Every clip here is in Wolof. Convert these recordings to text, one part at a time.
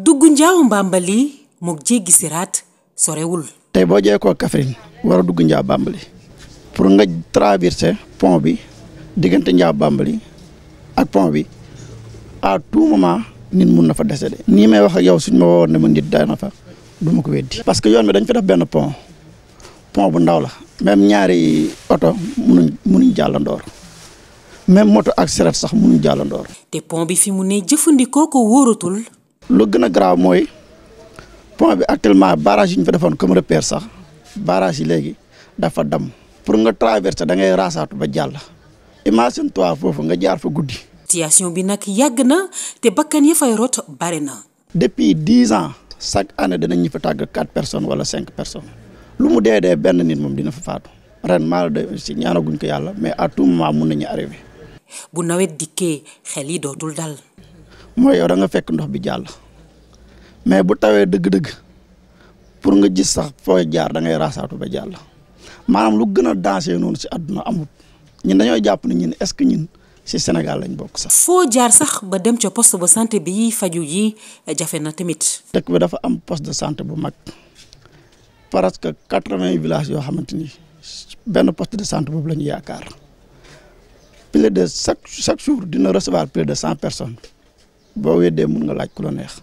dugg njaaw Bambali mook jéggi siraat sorewul. tey boo jëlee ko Kaffrine war a dugg njaaw Bambali pour nga traverser pont bi diggante njaaw Bambali ak pont bi à tout moment nit mun na fa décédé. nii may wax ak yow suñ ma woo ne ma nit day na fa du ma ko weddi. parce que yoon bi dañ fi def benn pont pont bu ndaw la même ñaari oto munuñ munuñ jàllandoor même moto ak seret sax munuñ jàllandoor. te pont bi fi mu ne jëfandikoo ko wóoratul. lu gën a grave mooy pont bi actuellement barrage yi ñu fa defoon comme repère sax barrage yi léegi dafa dam pour nga traverser da ngay raasaatu ba jàll imagine toi foofu nga jaar fa guddi. situation bi nag yàgg na te bakkan yi fay rot bari na. depuis dix ans chaque année dinañ ñu fa tàgg quatre personnes wala cinq personnes lu mu dee dee benn nit moom dina fa faatu ren maa de si ñaanaguñ ko yàlla mais à tout moment mun nañu arrivé. bu nawet dikkee xel yi dootul dal. mooy yow da nga fekk ndox bi jàll mais bu tawee dëgg-dëgg pour nga gis sax foo jaar da ngay raasaatu ba jàll maanaam lu gën a dansé noonu si àdduna amut ñun dañoo jàpp ne ñun est-ce que ñun ci Sénégal lañ bokk sax. foo jaar sax ba dem ca poste ba santé bi faju yi jafe na tamit. dëkk bi dafa am poste de santé bu mag parce quatre-vingts village yoo xamante ni benn poste de santé boobu la ñu yaakaar plus de chaque chaque jour dina recevoir plus de cent personnes. boo weddee mun nga laaj ku la neex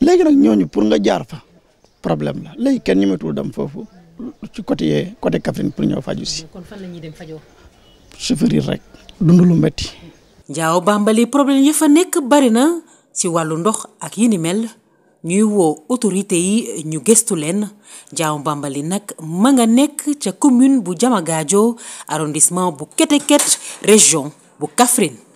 léegi nag ñooñu pour nga jaar fa problème la léegi kenn ñemetul dem foofu ci côté côté Kaffrine pour ñëw faju fan la ñuy dem fajoo. souffrir rek dund lu métti. Njaaw Bambali problème yi fa nekk bari na ci wàllu ndox ak yi ni mel ñuy woo autorité yi ñu gëstu leen Njaaw Bambali nag ma nga nekk ca commune bu jamagaajo arrondissement bu Kete Kete région bu Kaffrine.